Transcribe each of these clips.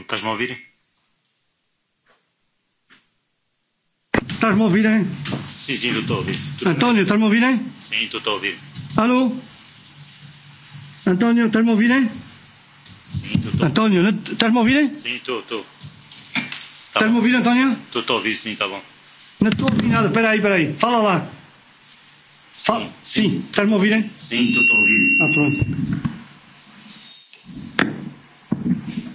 Estás-me a ouvir? Estás-me a ouvir, hein? Sim, sim, estou a ouvir. Tudo António, estás-me a ouvir, hein? Sim, estou a ouvir. Alô? António, estás-me a ouvir, hein? Sim, estou. António, estás-me a ouvir, hein? Sim, estou, estou. Tá estás-me a ouvir, António? Estou a ouvir, sim, está bom. Não estou a ouvir nada, espera aí, espera aí. Fala lá. Sim, Fala. sim. sim. estás-me a ouvir, hein? Sim, estou a ouvir. Ah, pronto.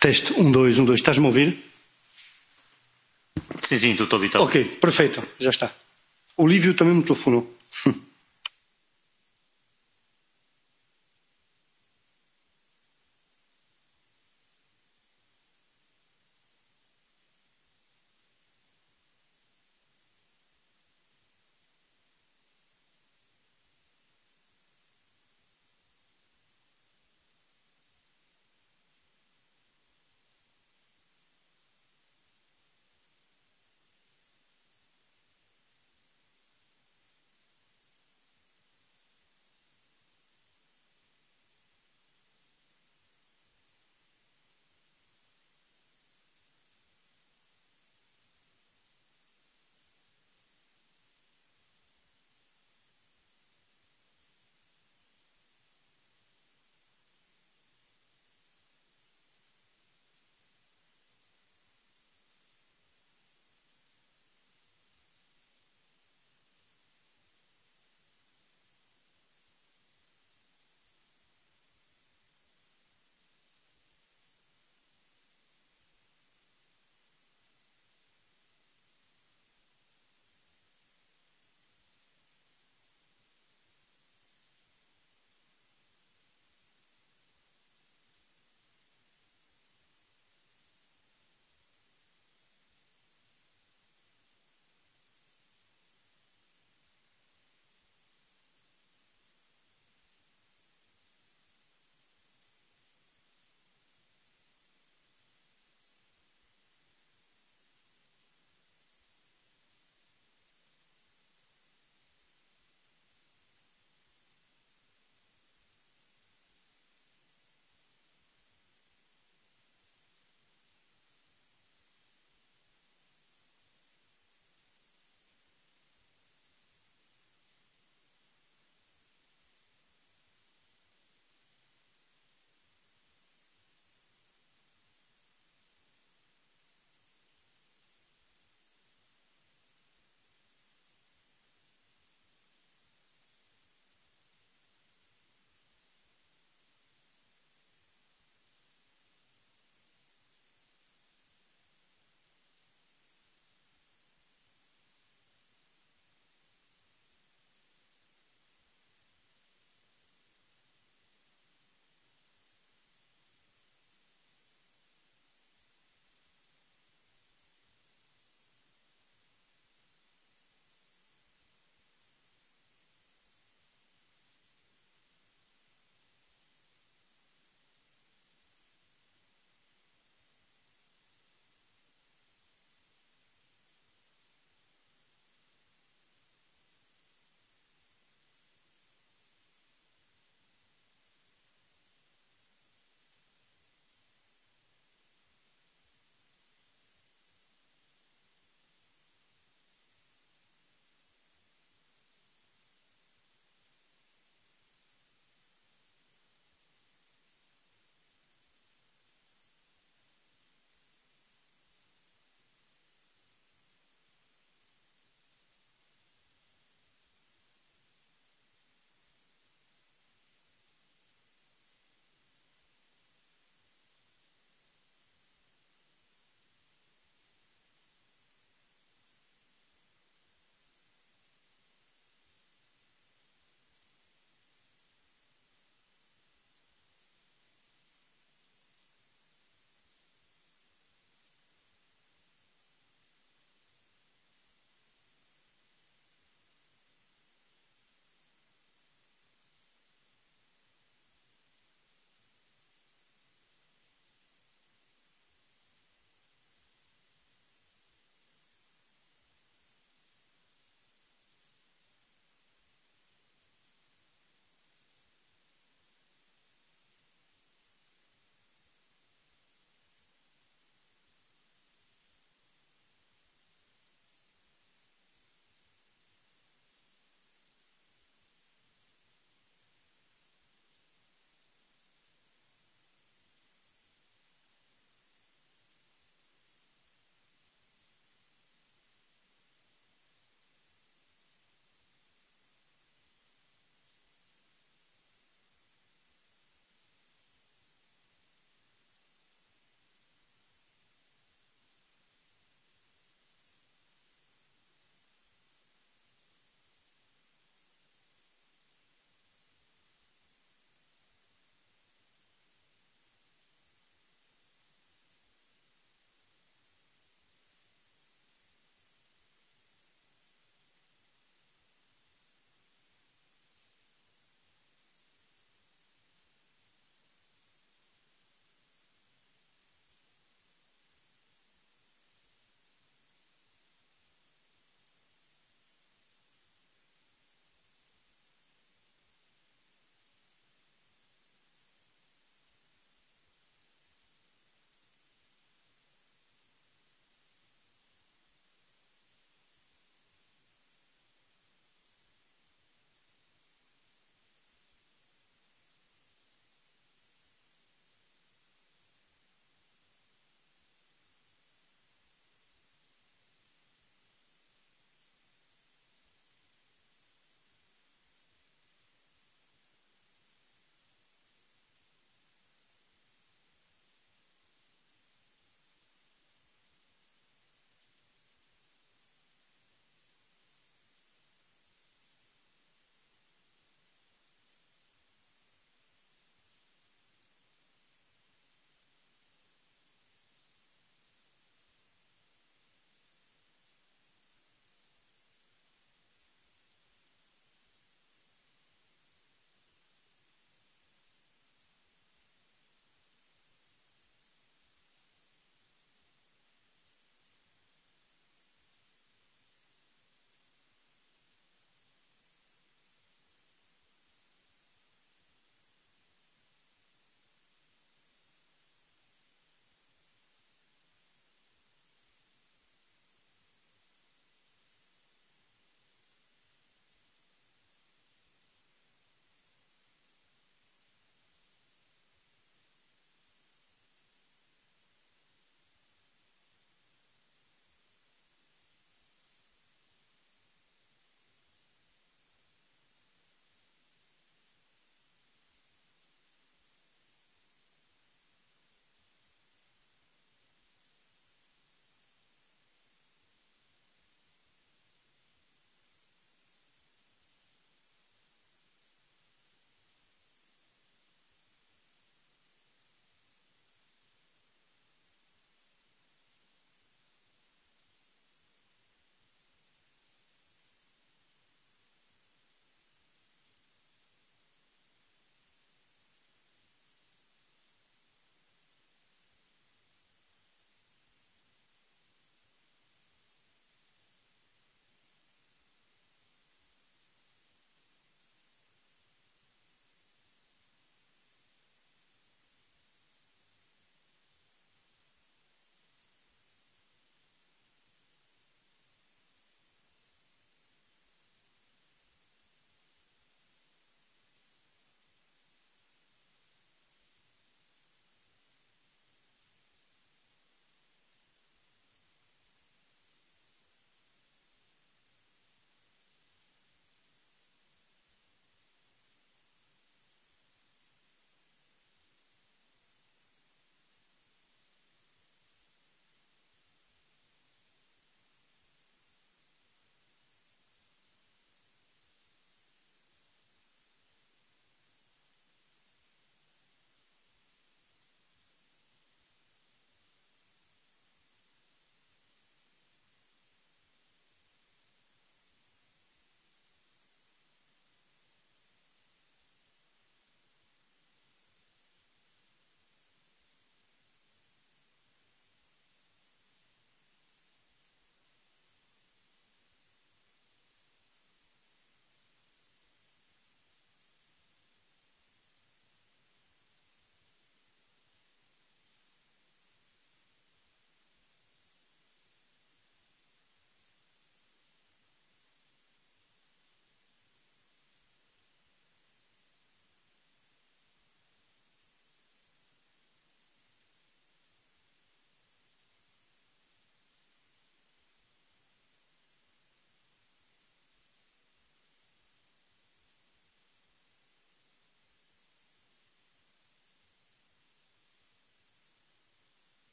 Teste, um, dois, um, dois. Estás-me a ouvir? Sim, sim, estou vital. Ok, perfeito, já está. O Lívio também me telefonou.